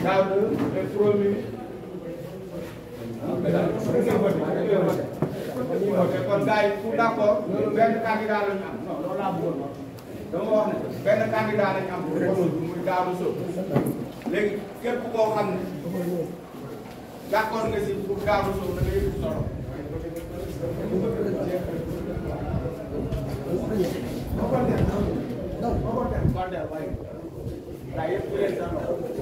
cadre, les promis. kon gars yi tout d'accord loolu benn candidat lañu am non loolu laa bëggoon wax dama wax ne benn candidat lañu am pour muy Darou Sow léegi képp koo xam ne d'accord nga si pour Darou Sow da ngay solo Thank you.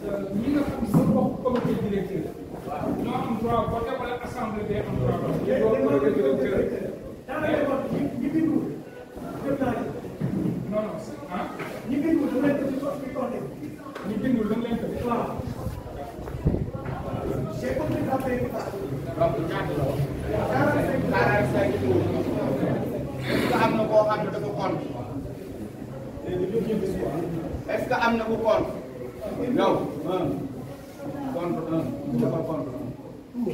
ñi nga xam ne seen bopp comité directeur ñoo am droit voté wala assemblée day am droit voté. loolu comité directeur ñi bindu dem naa non non ah. ñi bindu da leen di soxla di toog ñi bindu da leen di. waaw. c'est comme ni nga xam ne ñaata la wax. am na koo xam ne dafa compte. léegi ñun ñu gis ko. est-ce que am na ku compte. yow un contre un bu defal contre un.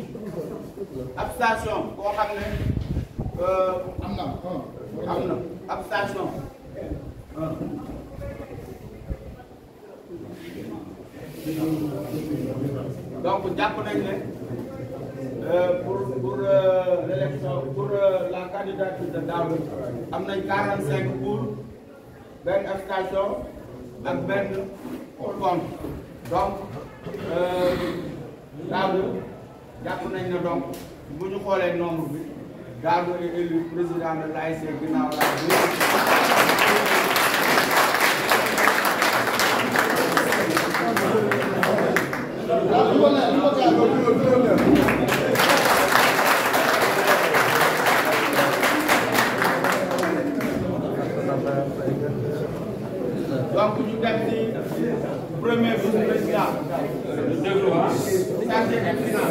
abstention koo xam ne euh, am na am na abstention un. donc jàpp nañ ne euh, pour pour euh, l'élection pour la candidature de Daouda am nañ 45 pour benn ak benn. kon donc euh, daaw jàpp nañ ne donc bu ñu xoolee nombre bi daaw est élu président de l'ASC Guinaw Rail bi donc ñu def ni premier vice-président de l'OAS,